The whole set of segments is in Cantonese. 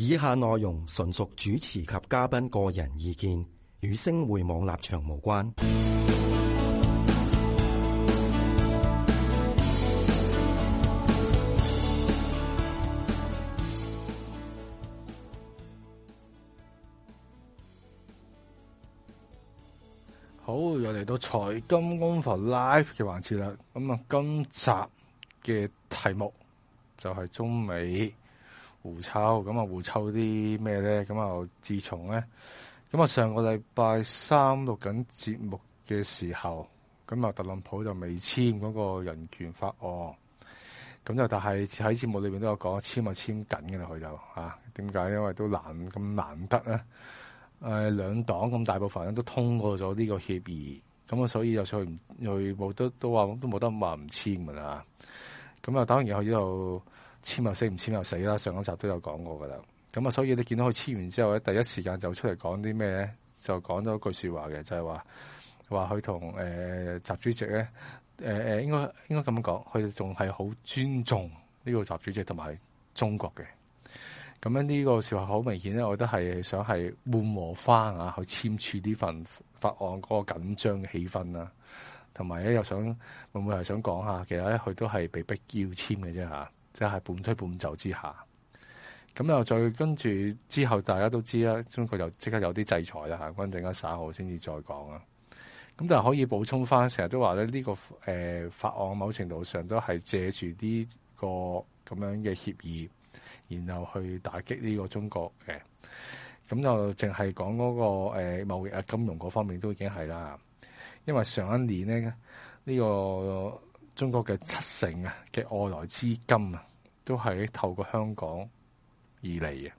以下內容純屬主持及嘉賓個人意見，與星匯網立場無關。好，又嚟到財金工房 live 嘅環節啦。咁啊，今集嘅題目就係中美。互抽，咁啊！互抽啲咩咧？咁啊！自從咧，咁啊上個禮拜三錄緊節目嘅時候，咁啊特朗普就未簽嗰個人權法案，咁就但係喺節目裏邊都有講，簽啊簽緊嘅啦，佢就嚇點解？因為都難咁難得呢啊！誒兩黨咁大部分人都通過咗呢個協議，咁啊所以又去去冇都都話都冇得話唔簽噶啦！咁啊當然，佢呢度。簽又死，唔簽又死啦。上一集都有講過噶啦。咁啊，所以你見到佢簽完之後咧，第一時間就出嚟講啲咩咧，就講咗句說話嘅，就係話話佢同習主席咧、呃，應該應該咁樣講，佢仲係好尊重呢個習主席同埋中國嘅。咁樣呢個說話好明顯咧，我覺得係想係緩和翻啊，去簽署呢份法案嗰個緊張嘅氣氛啦、啊，同埋咧又想會唔會係想講下，其實咧佢都係被逼要簽嘅啫嚇。即係半推半就之下，咁又再跟住之後，大家都知啦，中國又即刻有啲制裁啦吓。咁陣間稍後先至再講啦。咁但係可以補充翻，成日都話咧呢個誒法案，某程度上都係借住呢個咁樣嘅協議，然後去打擊呢個中國嘅。咁就淨係講嗰個誒貿易啊金融嗰方面都已經係啦。因為上一年呢、呢個中國嘅七成啊嘅外來資金啊。都係透過香港而嚟嘅。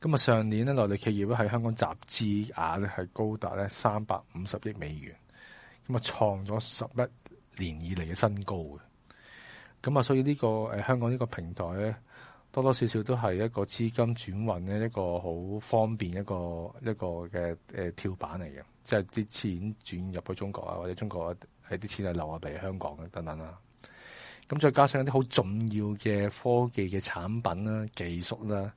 咁啊，上年咧內地企業喺香港集資額咧係高達咧三百五十億美元，咁啊創咗十一年以嚟嘅新高嘅。咁啊，所以呢個誒香港呢個平台咧，多多少少都係一個資金轉運咧一個好方便一個一個嘅誒、呃、跳板嚟嘅，即係啲錢轉入去中國啊，或者中國係啲錢係留下嚟香港嘅等等啦。咁再加上一啲好重要嘅科技嘅產品啦、技術啦，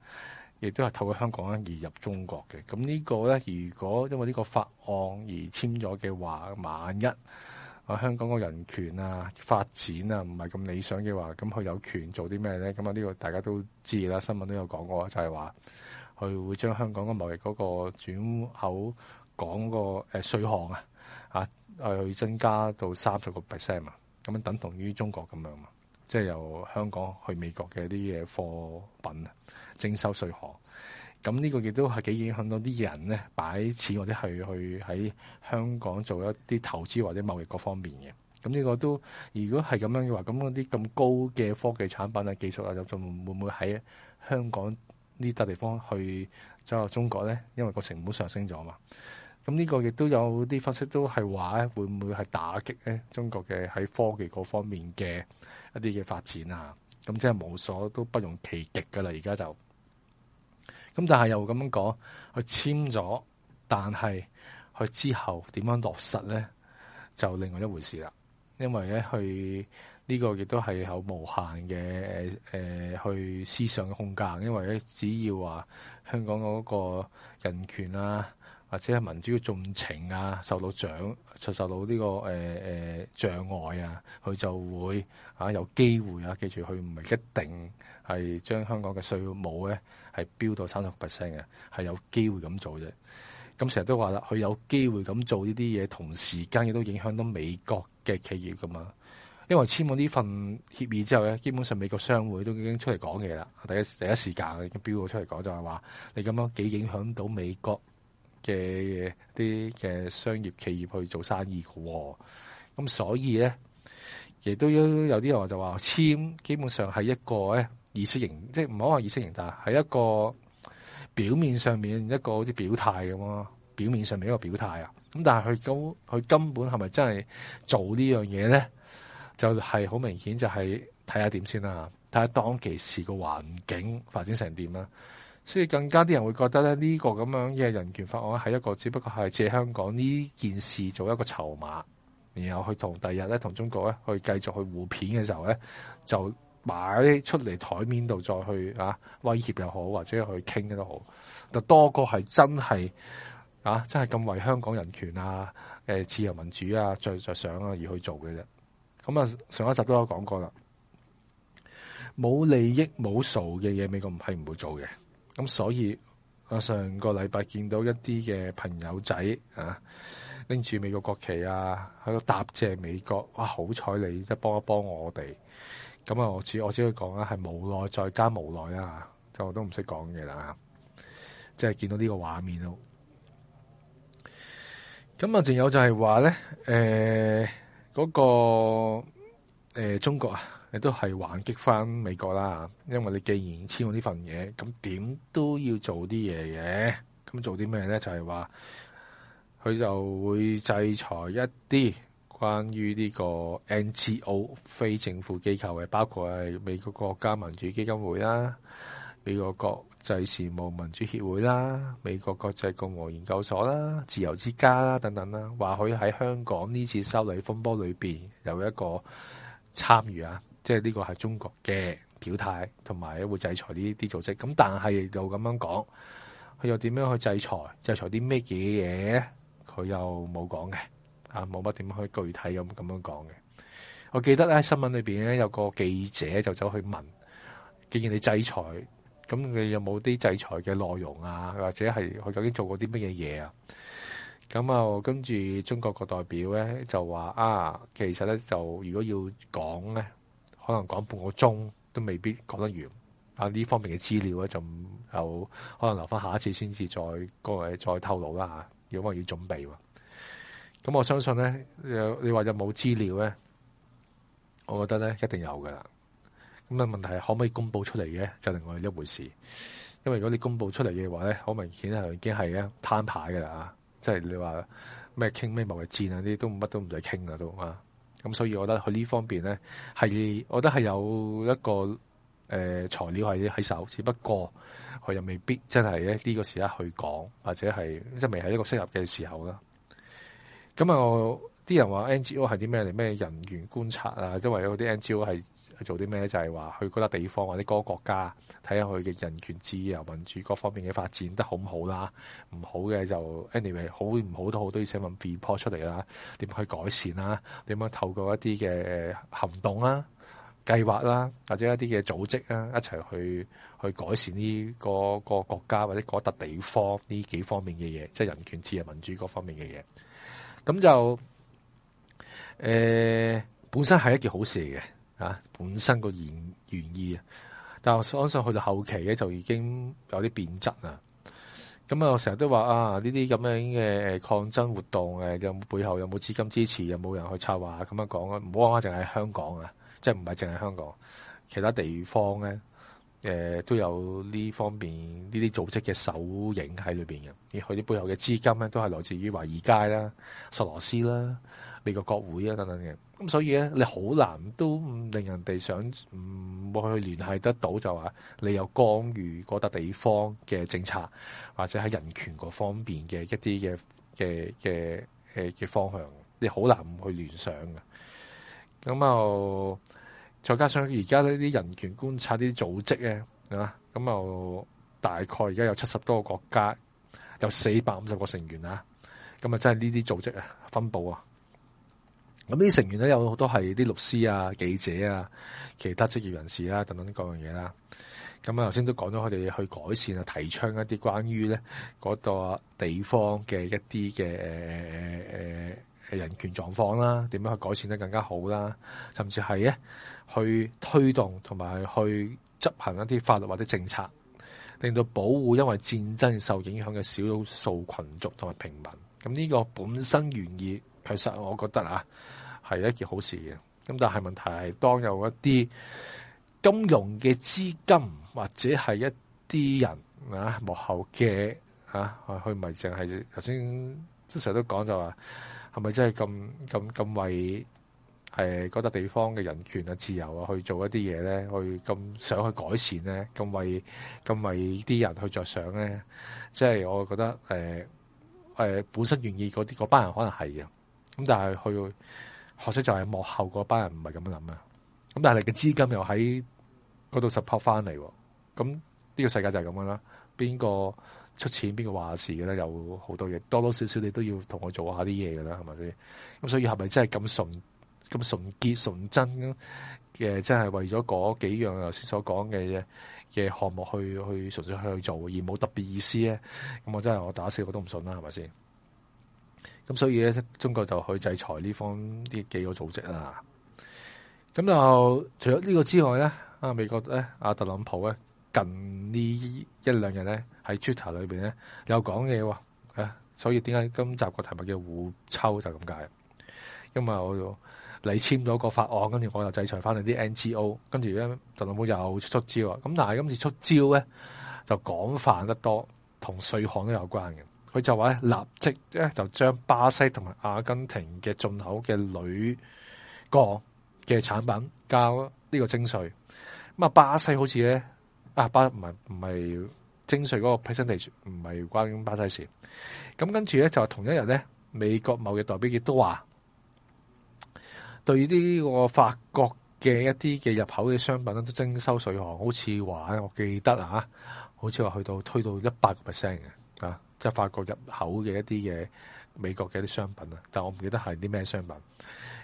亦都係透過香港移入中國嘅。咁呢個咧，如果因為呢個法案而簽咗嘅話，萬一啊香港個人權啊發展啊唔係咁理想嘅話，咁佢有權做啲咩咧？咁啊呢個大家都知啦，新聞都有講過，就係話佢會將香港嘅貿易嗰個轉口港個誒稅項啊啊，去增加到三十個 percent 啊。咁樣等同於中國咁樣嘛，即係由香港去美國嘅啲嘢貨品啊徵收稅項。咁呢個亦都係幾影響到啲人咧擺錢或者係去喺香港做一啲投資或者貿易各方面嘅，咁呢個都如果係咁樣嘅話，咁嗰啲咁高嘅科技產品啊、技術啊，就仲會唔會喺香港呢笪地方去走入中國咧？因為個成本上升咗嘛。咁呢個亦都有啲分析都係話咧，會唔會係打擊咧中國嘅喺科技嗰方面嘅一啲嘅發展啊？咁即係無所都不容其極㗎啦，而家就咁，但係又咁樣講，佢簽咗，但係佢之後點樣落實咧，就另外一回事啦。因為咧，佢呢個亦都係有無限嘅、呃、去思想嘅空間。因為咧，只要話香港嗰個人權啊～或者係民主嘅重情啊，受到障，受受到呢、這個誒誒、欸呃、障礙啊，佢就會啊有機會啊。記住，佢唔係一定係將香港嘅稅務咧係飆到三十 percent 嘅，係有機會咁做啫。咁成日都話啦，佢有機會咁做呢啲嘢，同時間亦都影響到美國嘅企業噶嘛。因為簽咗呢份協議之後咧，基本上美國商會都已經出嚟講嘢啦。第一第一時間已經飆到出嚟講就係話，你咁樣幾影響到美國。嘅啲嘅商業企業去做生意嘅喎，咁所以咧，亦都有啲人就話簽基本上係一個意識形，即係唔好話意識形態，但係係一個表面上面一個好似表態咁咯，表面上面一個表態啊。咁但係佢根佢根本係咪真係做呢樣嘢咧？就係好明顯就係睇下點先啦，睇下當其時個環境發展成點啦。所以更加啲人會覺得咧，呢個咁樣嘅人權法案係一個只不過係借香港呢件事做一個籌碼，然後去同第日咧同中國咧去繼續去互片嘅時候咧，就擺出嚟枱面度再去威脅又好，或者去傾嘅都好，就多過係真係啊，真係咁為香港人權啊、誒自由民主啊最著想啊而去做嘅啫。咁啊，上一集都有講過啦，冇利益冇數嘅嘢，美國係唔會做嘅。咁所以我上個禮拜見到一啲嘅朋友仔啊，拎住美國國旗啊，喺度答謝美國，哇！好彩你一幫一幫我哋，咁啊我只我只會講啦，係無奈再加無奈啦，就我都唔識講嘢啦，即係見到呢個畫面咯。咁啊，仲有就係話咧，誒嗰個誒中國啊。你都係還擊翻美國啦，因為你既然簽咗呢份嘢，咁點都要做啲嘢嘅。咁做啲咩呢？就係話佢就會制裁一啲關於呢個 NGO 非政府機構嘅，包括係美國國家民主基金會啦、美國國際事務民主協會啦、美國國際共和研究所啦、自由之家啦等等啦。話佢喺香港呢次修例風波裏邊有一個參與啊。即係呢個係中國嘅表態，同埋會制裁呢啲組織。咁但係又咁樣講，佢又點樣去制裁？制裁啲咩嘢嘢？佢又冇講嘅啊，冇乜點樣去具體咁咁樣講嘅。我記得咧，新聞裏邊咧有個記者就走去問：既然你制裁，咁你有冇啲制裁嘅內容啊？或者係佢究竟做過啲乜嘢嘢啊？咁啊，跟住中國個代表咧就話啊，其實咧就如果要講咧。可能講半個鐘都未必講得完。啊，呢方面嘅資料咧就有可能留翻下一次先至再各位再透露啦吓，如果我要準備。咁我相信咧，你你話有冇資料咧，我覺得咧一定有噶啦。咁啊，問題係可唔可以公布出嚟嘅，就另外一回事。因為如果你公布出嚟嘅話咧，好明顯係已經係啊攤牌噶啦啊，即係你話咩傾咩貿易戰啊啲都乜都唔使傾噶都啊。咁所以我，我覺得佢呢方面咧，係我覺得係有一個誒、呃、材料係喺手，只不過佢又未必真係咧呢個時刻去講或者係即係未係一個適合嘅時候啦。咁啊，啲人話 NGO 係啲咩嚟？咩人權觀察啊？因為有啲 NGO 係。做啲咩就係、是、話去嗰笪地方或者嗰個國家，睇下佢嘅人權、自由、民主各方面嘅發展得好唔好啦？唔好嘅就 anyway 好唔好都好，都要寫份 report 出嚟啦。點去改善啦？點樣透過一啲嘅行動啦、計劃啦，或者一啲嘅組織啊，一齊去去改善呢、這個、這個國家或者嗰笪地方呢幾方面嘅嘢，即係人權、自由、民主各方面嘅嘢。咁就誒、呃，本身係一件好事嚟嘅。啊，本身個原原意啊，但我相信去到後期咧，就已經有啲變質啦。咁啊，我成日都話啊，呢啲咁樣嘅抗爭活動誒，有，有背後有冇資金支持，有冇人去策劃咁樣講啊？唔好講淨係香港啊，即係唔係淨係香港，其他地方咧誒、呃、都有呢方面呢啲組織嘅手影喺裏邊嘅，而佢啲背後嘅資金咧都係來自於華爾街啦、索羅斯啦、美國國會啊等等嘅。咁所以咧，你好難都唔令人哋想唔去聯繫得到，就話你有干預嗰笪地方嘅政策，或者喺人權嗰方面嘅一啲嘅嘅嘅嘅方向，你好難唔去聯想嘅，咁啊，我再加上而家呢啲人權觀察啲組織咧，啊，咁啊大概而家有七十多個國家，有四百五十個成員啊，咁啊真係呢啲組織啊分佈啊。咁呢啲成員咧，有好多係啲律師啊、記者啊、其他職業人士啦、啊、等等各樣嘢啦。咁啊，頭先都講咗佢哋去改善啊，提倡一啲關於咧嗰度地方嘅一啲嘅、呃呃、人權狀況啦，點樣去改善得更加好啦，甚至係咧去推動同埋去執行一啲法律或者政策，令到保護因為戰爭受影響嘅少數群族同埋平民。咁呢個本身願意。其實我覺得啊，係一件好事嘅。咁但係問題係，當有一啲金融嘅資金，或者係一啲人啊幕後嘅啊，佢咪淨淨係頭先即通常都講就話，係咪真係咁咁咁為誒嗰笪地方嘅人權啊、自由啊去做一啲嘢咧？去咁想去改善咧？咁為咁為啲人去着想咧？即係我覺得誒誒，本身願意嗰啲嗰班人可能係嘅。咁但係佢，可惜就係幕後嗰班人唔係咁諗啊！咁但係你嘅資金又喺嗰度 support 翻嚟，咁呢個世界就係咁樣啦。邊個出錢邊個話事嘅咧？有好多嘢，多多少少你都要同我做下啲嘢噶啦，係咪先？咁所以係咪真係咁純、咁純潔、純真嘅？真係為咗嗰幾樣頭先所講嘅嘅項目去去純粹去做，而冇特別意思咧？咁我真係我打死我都唔信啦，係咪先？咁所以咧，中國就去制裁呢方啲幾個組織啦。咁就除咗呢個之外咧，啊美國咧，阿特朗普咧，近呢一兩日咧喺 Twitter 裏面咧有講嘢喎。啊，所以點解今集個題目叫互抽就咁解？因為我你簽咗個法案，跟住我又制裁翻你啲 NGO，跟住咧特朗普又出招啊。咁但係今次出招咧就廣泛得多，同稅項都有關嘅。佢就話立即咧就將巴西同埋阿根廷嘅進口嘅鋁鋼嘅產品交呢個徵稅。咁啊，巴西好似咧啊，巴唔係唔係徵稅嗰個 production 唔係關巴西事。咁跟住咧就係同一日咧，美國某嘅代表亦都話對於呢個法國嘅一啲嘅入口嘅商品咧都徵收稅項，好似話我記得啊，好似話去到推到一百個 percent 嘅啊。即係法國入口嘅一啲嘅美國嘅一啲商品啊，但係我唔記得係啲咩商品。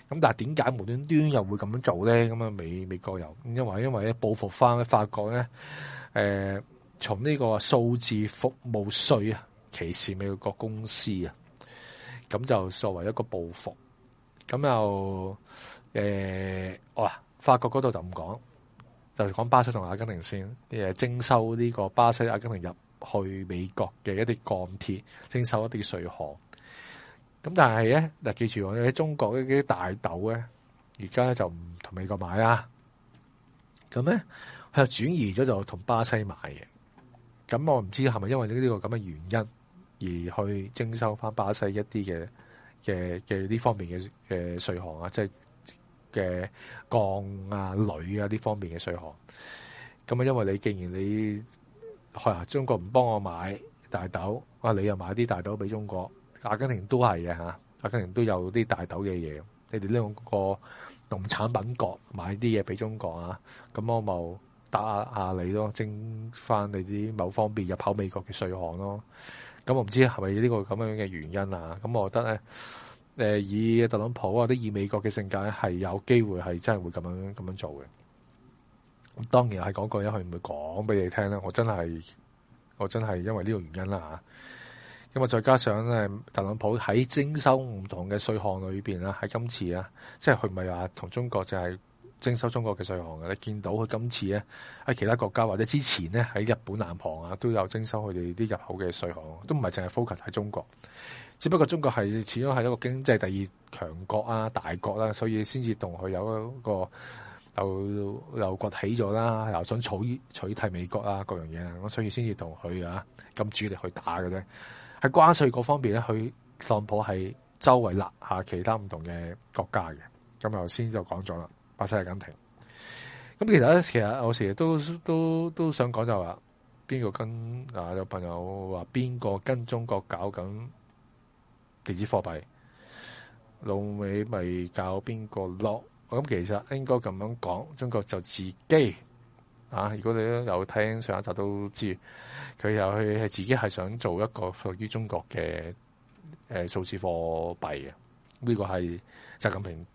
咁但係點解無端端又會咁樣做咧？咁啊美國美國又因為因為咧報復翻法國咧，誒、呃、從呢個數字服務稅歧視美國公司啊，咁就作為一個報復。咁又誒哇、呃，法國嗰度就唔講，就講巴西同阿根廷先誒徵收呢個巴西、阿根廷入。去美國嘅一啲鋼鐵徵收一啲稅項，咁但係咧嗱，記住我哋喺中國嗰啲大豆咧，而家就唔同美國買啦。咁咧佢又轉移咗就同巴西買嘅，咁我唔知係咪因為呢個咁嘅原因而去徵收翻巴西一啲嘅嘅嘅呢方面嘅嘅稅項啊，即係嘅鋼啊、鋁啊呢方面嘅稅項，咁啊，因為你既然你。中國唔幫我買大豆，你又買啲大豆俾中國，阿根廷都係嘅嚇，阿根廷都有啲大豆嘅嘢。你哋呢個農產品國買啲嘢俾中國啊，咁我咪打下你咯，徵翻你啲某方面入口美國嘅稅項咯。咁我唔知係咪呢個咁樣嘅原因啊？咁我覺得咧、呃，以特朗普或者以美國嘅性格，係有機會係真係會咁樣咁樣做嘅。咁當然係講句一佢唔會講俾你聽啦。我真係，我真係因為呢個原因啦嚇。因為再加上咧，特朗普喺徵收唔同嘅稅項裏邊啦，喺今次啊，即係佢唔係話同中國就係徵收中國嘅稅項嘅，你見到佢今次咧喺其他國家或者之前咧喺日本南韓啊都有徵收佢哋啲入口嘅稅項，都唔係淨係 focus 喺中國。只不過中國係始終係一個經濟第二強國啊，大國啦，所以先至同佢有一個。又又崛起咗啦，又想取取代美國啦，各樣嘢啊，咁所以先至同佢啊咁主力去打嘅啫。喺關稅嗰方面咧，佢特朗普係周圍立下其他唔同嘅國家嘅，咁頭先就講咗啦，巴西、阿根廷。咁其實咧，其實我成日都都都想講就話，是，邊個跟啊有朋友話邊個跟中國搞緊電子貨幣，老美咪搞邊個攞？我諗其實應該咁樣講，中國就自己啊！如果你都有聽上一集都知，佢又去係自己係想做一個屬於中國嘅、呃、數字貨幣嘅，呢、呢個係習近平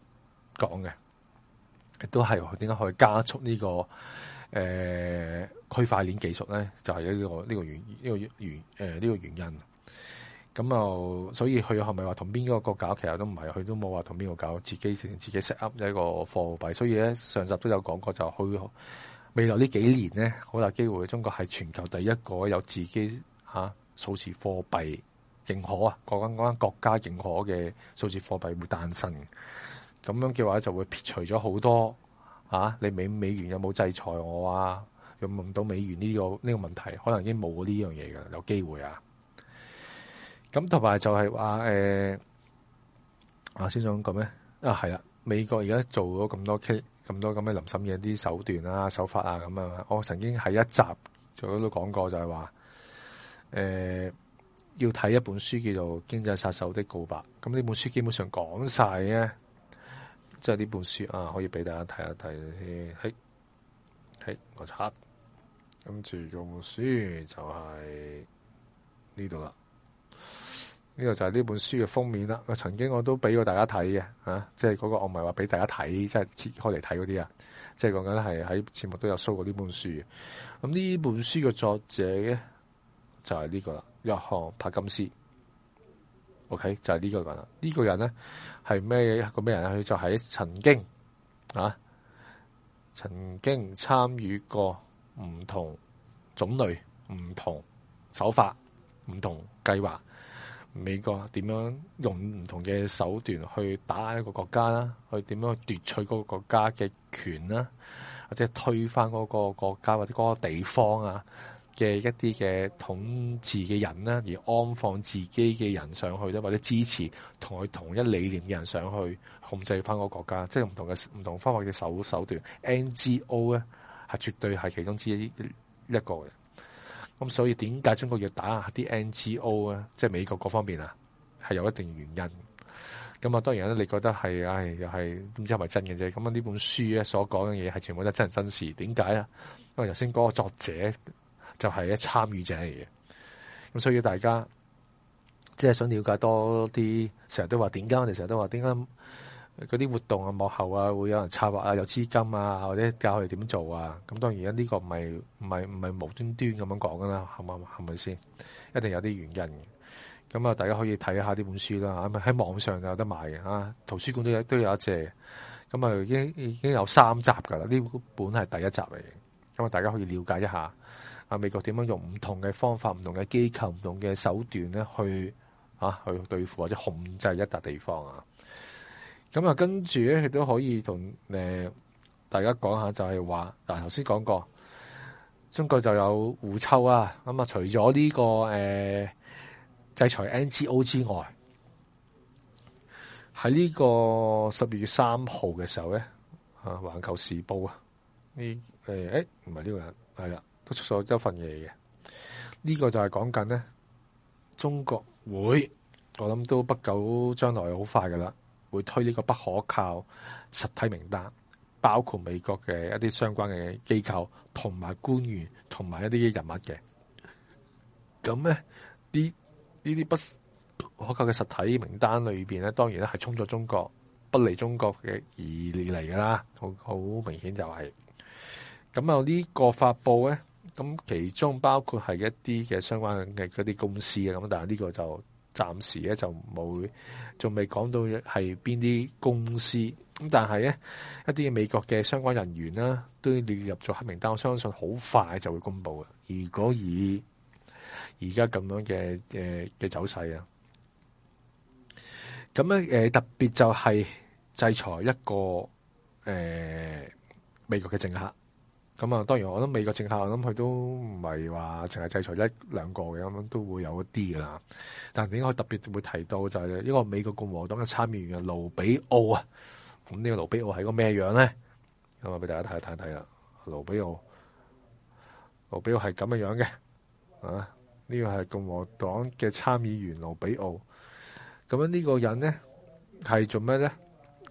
講嘅，亦都係點解可以加速呢、呢個誒、呃、區塊鏈技術咧？就係、係、呢、呢個呢、呢個原呢、呢個、原呢、呃呢個原因。咁就所以佢係咪話同邊個國搞？其實都唔係，佢都冇話同邊個搞，自己成自己 set up 一個貨幣。所以咧上集都有講過，就是，就去未來呢幾年咧，好大機會，中國係全球第一個有自己吓數、啊、字貨幣認可啊，講緊講國家認可嘅數字貨幣會誕生。咁樣嘅話就會撇除咗好多啊！你美美元有冇制裁我啊？有問到美元呢、這個呢、這個問題，可能已經冇呢樣嘢噶，有機會啊！咁，同埋就係話誒，阿先生咁咩？啊，係啦、啊。美國而家做咗咁多 K，咁多咁嘅林審嘢啲手段啊、手法啊，咁啊。我曾經係一集做咗都講過就，就係話誒，要睇一本書叫做《經濟殺手的告白》。咁呢本書基本上講晒嘅，即係呢本書啊，可以俾大家睇一睇先。係我拆，跟住呢本書就係呢度啦。呢、這個就係呢本書嘅封面啦。我曾經我都俾過大家睇嘅，吓即係嗰個我唔係話俾大家睇，即係切開嚟睇嗰啲啊。即係講緊係喺節目都有 show 過呢本書。咁、啊、呢本書嘅作者咧就係、是、呢個啦，約翰柏金斯。OK，就係呢個人啦。呢、這個人咧係咩個咩人咧？佢就喺曾經啊，曾經參與過唔同種類、唔同手法、唔同計劃。美國點樣用唔同嘅手段去打一個國家啦，去點樣去奪取嗰個國家嘅權啦，或者推翻嗰個國家或者嗰個地方啊嘅一啲嘅統治嘅人啦，而安放自己嘅人上去咧，或者支持同佢同一理念嘅人上去控制翻個國家，即係唔同嘅唔同方法嘅手手段，NGO 咧係絕對係其中之一一個嘅。咁所以點解中國要打下啲 N G O 咧？即係美國嗰方面啊，係有一定原因。咁啊，當然咧，你覺得係唉、哎，又係唔知係咪真嘅啫？咁啊，呢本書咧所講嘅嘢係全部都係真人真事。點解啊？因為頭先嗰個作者就係一參與者嚟嘅。咁所以大家即係想了解多啲，成日都話點解？我哋成日都話點解？嗰啲活動啊，幕後啊，會有人策劃啊，有資金啊，或者教佢點做啊。咁當然啦，呢個唔係唔係唔係無端端咁樣講噶啦，係咪？係咪先？一定有啲原因嘅。咁啊，大家可以睇下呢本書啦嚇，喺網上有得賣嘅啊。圖書館都有，都有一隻。咁啊，已經已經有三集噶啦，呢本係第一集嚟嘅。咁啊，大家可以了解一下啊，美國點樣用唔同嘅方法、唔同嘅機構、唔同嘅手段咧，去啊去對付或者控制一笪地方啊。咁、嗯、啊，跟住咧，亦都可以同、呃、大家講下就，就係話嗱，頭先講過中國就有互抽啊。咁、嗯、啊，除咗呢、這個、呃、制裁 N G O 之外，喺呢個十二月三號嘅時候咧，啊，環球時報啊，呢誒，唔係呢個人係啦，都出咗一份嘢嘅。呢、這個就係講緊咧，中國會我諗都不久將，將來好快噶啦。會推呢個不可靠實體名單，包括美國嘅一啲相關嘅機構同埋官員同埋一啲人物嘅。咁咧，啲呢啲不可靠嘅實體名單裏邊咧，當然咧係衝咗中國、不利中國嘅意念嚟噶啦，好好明顯就係、是。咁啊，這個、呢個發布咧，咁其中包括係一啲嘅相關嘅嗰啲公司嘅，咁但係呢個就。暫時咧就冇，仲未講到係邊啲公司咁，但係咧一啲美國嘅相關人員啦，都列入咗黑名單，我相信好快就會公布嘅。如果以而家咁樣嘅誒嘅走勢啊，咁咧誒特別就係制裁一個誒、呃、美國嘅政客。咁啊，當然，我覺得美國政客，我諗佢都唔係話淨係制裁一兩個嘅，咁都會有一啲㗎啦。但係點解佢特別會提到就係呢個美國共和黨嘅參議員盧比奧啊？咁呢個盧比奧係個咩樣咧？咁啊，俾大家睇睇睇啦。盧比奧，盧比奧係咁嘅樣嘅，啊，呢個係共和黨嘅參議員盧比奧。咁樣呢個人咧係做咩咧？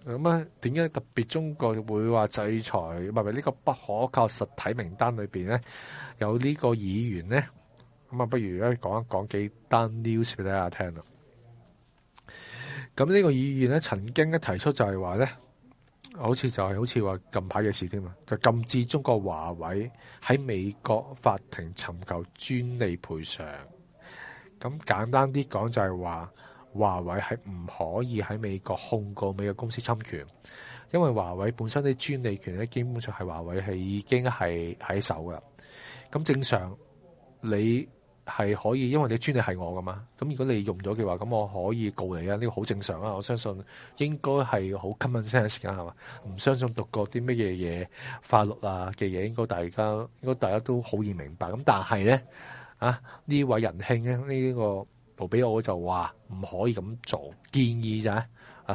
咁啊？點解特別中國會話制裁？係咪呢個不可靠實體名單裏面咧，有呢個議員咧？咁啊，不如咧講一講幾單 news 俾大家聽啦。咁呢個議員咧曾經咧提出就係話咧，好似就係好似話近排嘅事添啊，就禁止中國華為喺美國法庭尋求專利賠償。咁簡單啲講就係話。華為係唔可以喺美國控告美國公司侵權，因為華為本身啲專利權咧，基本上係華為係已經係喺手噶。咁正常你係可以，因為你專利係我噶嘛。咁如果你用咗嘅話，咁我可以告你啊！呢、呢個好正常啊，我相信應該係好 common sense 㗎係嘛？唔相信讀過啲乜嘢嘢法律啊嘅嘢，應該大家應該大家都好易明白。咁但係咧啊，呢位人呢位仁兄咧呢個。俾我就話唔可以咁做，建議就啊？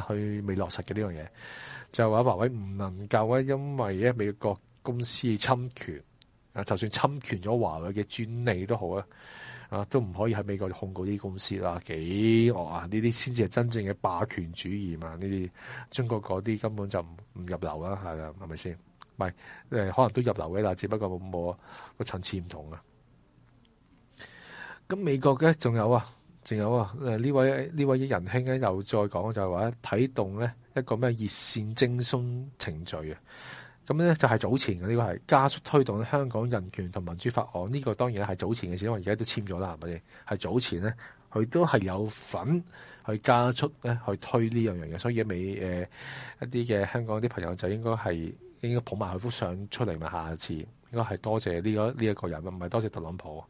去未落實嘅呢樣嘢，就話華為唔能夠啊，因為咧美國公司侵權啊，就算侵權咗華為嘅專利都好啊，啊都唔可以喺美國控告啲公司啦，幾惡啊！呢啲先至係真正嘅霸權主義嘛，呢啲中國嗰啲根本就唔唔入流啦，係啊，係咪先？唔係、呃、可能都入流嘅，啦只不過冇、個層次唔同啊。咁美國嘅仲有啊？仲有啊！誒呢位呢位仁兄咧又再講就係話啟動咧一個咩熱線精鬆程序啊！咁咧就係早前嘅呢、這個係加速推動香港人權同民主法案呢、這個當然係早前嘅事，因為而家都簽咗啦，係咪係早前咧？佢都係有份去加速咧去推呢樣嘢，所以未尾、呃、一啲嘅香港啲朋友就應該係應該捧埋佢幅相出嚟嘛！下次應該係多謝呢、這個呢一、這個、人唔係多謝特朗普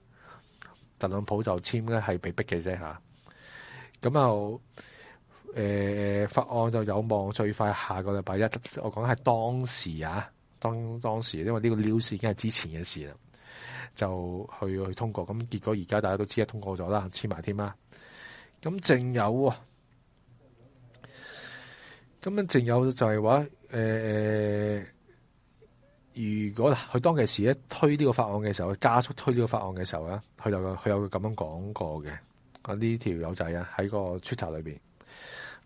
特朗普就簽咧係被逼嘅啫嚇，咁又、欸、法案就有望最快下個禮拜一，我講係當時啊，當當時，因為呢個 news 已經係之前嘅事啦，就去去通過，咁結果而家大家都知係通過咗啦，簽埋添啦。咁仲有啊，咁樣仲有就係話誒誒如果佢當其時咧推呢個法案嘅時候，佢加速推呢個法案嘅時候咧，佢就佢有咁樣講過嘅。啊，呢條友仔啊，喺個 Twitter 裏邊，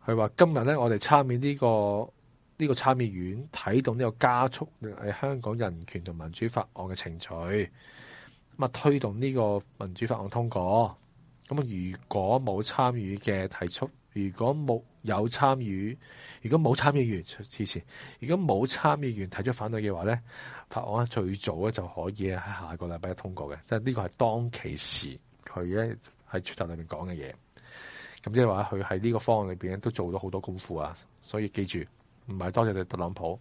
佢話今日咧、這個，我哋參議呢個呢個參議院睇到呢個加速喺香港人權同民主法案嘅程序，咁啊推動呢個民主法案通過。咁啊，如果冇參與嘅提出，如果冇。有參與，如果冇參議員之前，如果冇參議員提出反對嘅話咧，法案最早就可以喺下個禮拜一通過嘅，即係呢個係當其時佢咧喺出頭裏面講嘅嘢。咁即係話佢喺呢個方案裏面都做咗好多功夫啊！所以記住，唔係多謝你特朗普，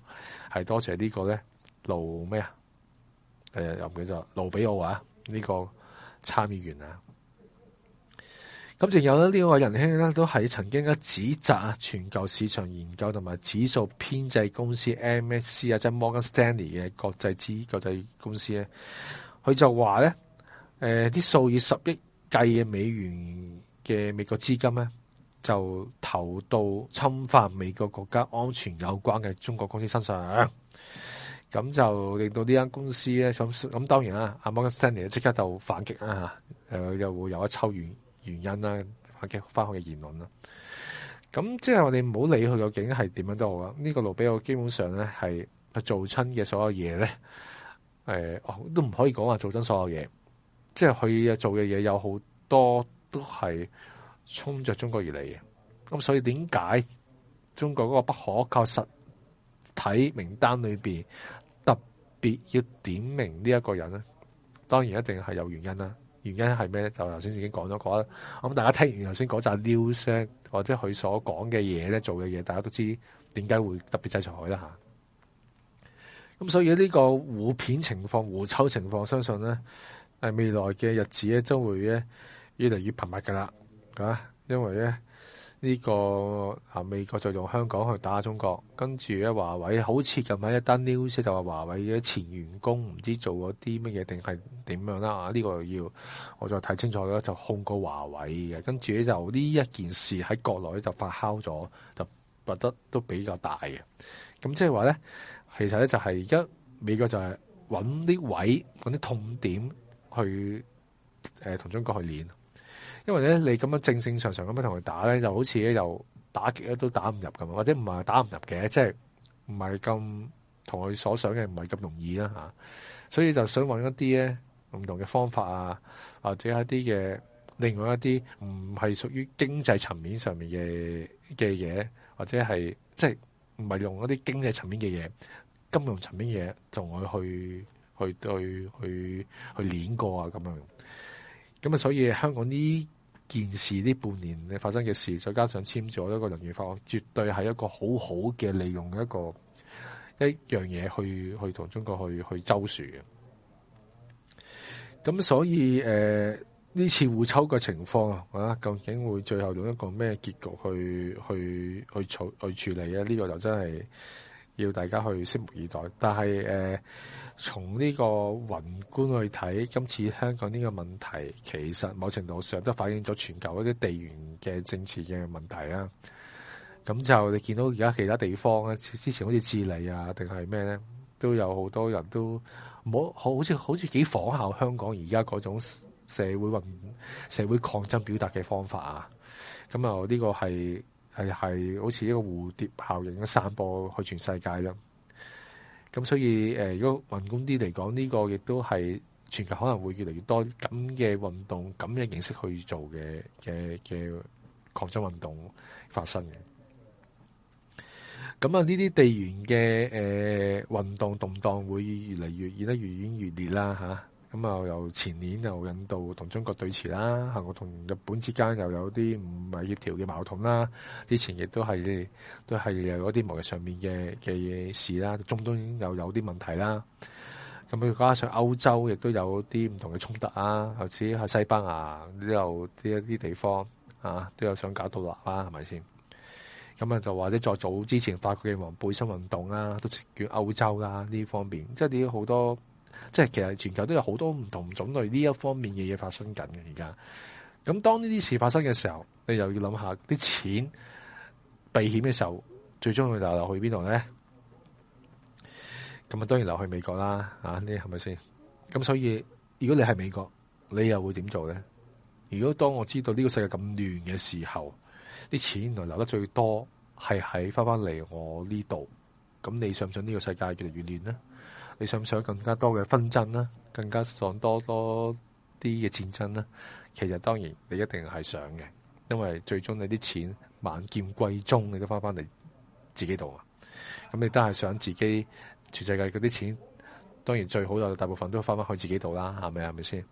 係多謝呢個咧盧咩呀？誒又唔記得盧比奧啊呢個參議員啊！咁仲有呢位仁兄咧，都係曾經咧指責啊，全球市場研究同埋指數編製公司 MSC 啊，即係摩根 Stanley 嘅國際資國際公司咧。佢就話咧，啲、呃、數以十億計嘅美元嘅美國資金咧，就投到侵犯美國國家安全有關嘅中國公司身上，咁、啊、就令到呢間公司咧，咁咁當然啦，阿摩根 Stanley 即刻就反擊啦、啊啊，又會有一抽遠。原因啦、啊，或者翻去嘅言論啦、啊，咁即係我哋唔好理佢究竟係點樣都好啦。呢、呢個盧比奧基本上咧係做親嘅所有嘢咧、呃，都唔可以講話做親所有嘢。即係佢做嘅嘢有好多都係衝着中國而嚟嘅。咁所以點解中國嗰個不可靠實體名單裏面特別要點名呢一個人咧？當然一定係有原因啦、啊。原因係咩咧？就頭先已經講咗講啦。咁大家聽完頭先嗰集 news 或者佢所講嘅嘢咧，做嘅嘢，大家都知點解會特別制裁佢啦嚇。咁所以呢個互片情況、互抽情況，相信咧係未來嘅日子咧，將會咧越嚟越頻密㗎啦，係因為咧。呢、這個啊美國就用香港去打，打中國，跟住咧華為好似近排一單 news 就話華為嘅前員工唔知做咗啲乜嘢定係點樣啦啊！呢、這個就要我再睇清楚啦，就控過華為嘅，跟住咧就呢一件事喺國內就發酵咗，就撥得都比較大嘅。咁即係話咧，其實咧就係而家美國就係揾啲位揾啲痛點去誒同、呃、中國去練。因為咧，你咁樣正正常常咁樣同佢打咧，就好似咧，又打極咧都打唔入咁樣，或者唔係打唔入嘅，即係唔係咁同佢所想嘅，唔係咁容易啦吓，所以就想揾一啲咧唔同嘅方法啊，或者一啲嘅另外一啲唔係屬於經濟層面上面嘅嘅嘢，或者係即係唔係用一啲經濟層面嘅嘢、金融層面嘢同佢去去去去去練過啊咁樣。咁啊，所以香港呢件事呢半年嘅發生嘅事，再加上簽咗一個人權法案，絕對係一個好好嘅利用一個一樣嘢去去同中國去去周旋嘅。咁所以呃，呢次互抽嘅情況啊，究竟會最後用一個咩結局去去去處去處理咧？呢個就真係～要大家去拭目以待，但係誒，從呢個宏觀去睇，今次香港呢個問題，其實某程度上都反映咗全球一啲地緣嘅政治嘅問題啊。咁就你見到而家其他地方咧，之前好似智利啊，定係咩咧，都有好多人都唔好好似好似幾仿效香港而家嗰種社會運社會抗爭表達嘅方法啊。咁啊，呢個係。係係好似一個蝴蝶效應嘅散播去全世界啦，咁所以誒、呃、如果宏觀啲嚟講呢個亦都係全球可能會越嚟越多咁嘅運動咁嘅形式去做嘅嘅嘅抗爭運動發生嘅。咁啊呢啲地緣嘅誒、呃、運動動盪會越嚟越演得越演越烈啦吓。啊咁啊，由前年又印度同中國對峙啦，同日本之間又有啲唔係協調嘅矛盾啦。之前亦都係都係有啲貿易上面嘅嘅嘢事啦，中東又有啲問題啦。咁佢加上歐洲亦都有啲唔同嘅衝突啊，好似喺西班牙呢度啲一啲地方啊，都有想搞獨立啦，係咪先？咁啊，就或者再早之前法國嘅黃背心運動啦，都叫捲歐洲啦呢方面，即係啲好多。即係其實全球都有好多唔同種類呢一方面嘅嘢，發生緊嘅而家。咁當呢啲事發生嘅時候，你又要諗下啲錢避險嘅時候，最終會流流去邊度咧？咁啊，當然流去美國啦，啊呢係咪先？咁所以如果你係美國，你又會點做咧？如果當我知道呢個世界咁亂嘅時候，啲錢原來留得最多係喺翻翻嚟我呢度，咁你信唔信呢個世界越嚟越亂咧？你想唔想更加多嘅紛爭啦，更加想多多啲嘅戰爭啦？其實當然你一定係想嘅，因為最終你啲錢萬劍歸宗，你都翻翻嚟自己度啊！咁你都係想自己全世界嗰啲錢，當然最好就大部分都翻翻去自己度啦，係咪？係咪先？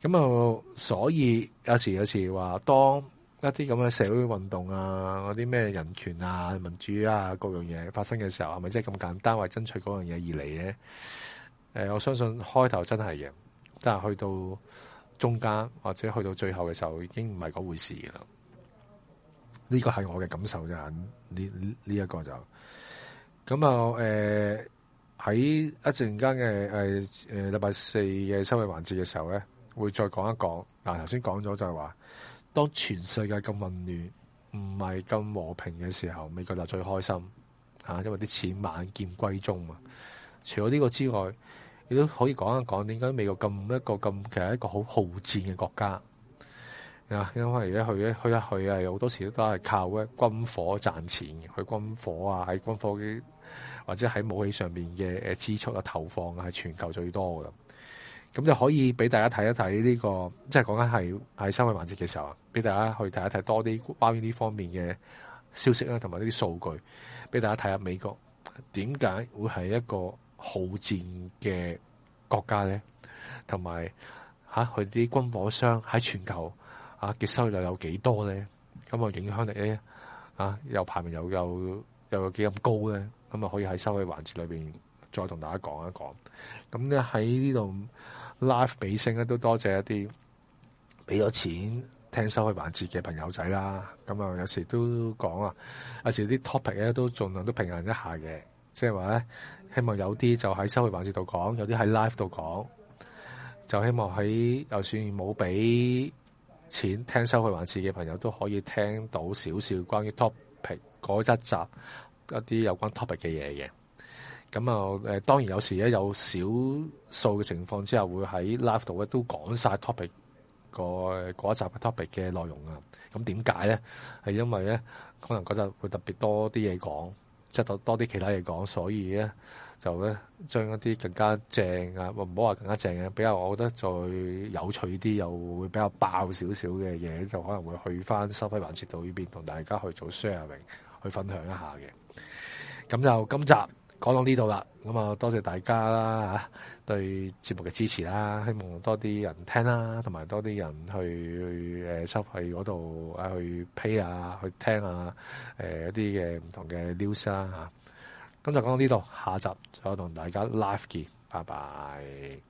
咁啊，所以有時有時話當。一啲咁嘅社會運動啊，嗰啲咩人權啊、民主啊各樣嘢發生嘅時候，係咪真係咁簡單為爭取嗰樣嘢而嚟嘅、呃？我相信開頭真係嘅，但係去到中間或者去到最後嘅時候，已經唔係嗰回事啦。呢、這個係我嘅感受就呢呢一個就咁啊！誒喺、呃、一陣間嘅誒誒禮拜四嘅收尾環節嘅時候咧，會再講一講。嗱頭先講咗就係話。當全世界咁混亂、唔係咁和平嘅時候，美國就最開心，因為啲錢萬劍歸宗。啊！除咗呢個之外，你都可以講一講點解美國咁一個咁其實一個好好戰嘅國家啊，因為而家佢咧，佢一佢啊，有好多時都係靠軍火賺錢嘅，佢軍火啊，喺軍火或者喺武器上面嘅支出啊、投放啊，係全球最多嘅。咁就可以俾大家睇一睇呢個，即係講緊係喺收尾環節嘅時候啊，俾大家去睇一睇多啲關於呢方面嘅消息啦，同埋呢啲數據俾大家睇下美國點解會係一個好戰嘅國家咧，同埋嚇佢啲軍火商喺全球啊嘅收入有幾多咧？咁啊影響力咧啊又排名又有又，又有幾咁高咧？咁啊可以喺收尾環節裏面再同大家講一講。咁咧喺呢度。live 比聲咧都多謝一啲俾咗錢聽收費環節嘅朋友仔啦，咁啊有時都講啊，有時啲 topic 咧都盡量都平衡一下嘅，即係話咧希望有啲就喺收費環節度講，有啲喺 live 度講，就希望喺就算冇俾錢聽收費環節嘅朋友都可以聽到少少關於 topic 嗰一集一啲有關 topic 嘅嘢嘅。咁啊，當然有時咧，有少數嘅情況之下，會喺 live 度咧都講晒 topic 個嗰一集嘅 topic 嘅內容啊。咁點解咧？係因為咧，可能嗰集會特別多啲嘢講，即係多多啲其他嘢講，所以咧就咧將一啲更加正啊，唔好話更加正啊。比較我覺得再有趣啲，又會比較爆少少嘅嘢，就可能會去翻收費環節度呢邊同大家去做 sharing 去分享一下嘅。咁就今集。講到呢度啦，咁啊多謝大家啦吓，對節目嘅支持啦，希望多啲人聽啦，同埋多啲人去誒，收費，呃、去嗰度去 pay 啊，去聽啊，誒一啲嘅唔同嘅 news 啦，啊。吓，咁就講到呢度，下集再同大家 live 見，拜拜。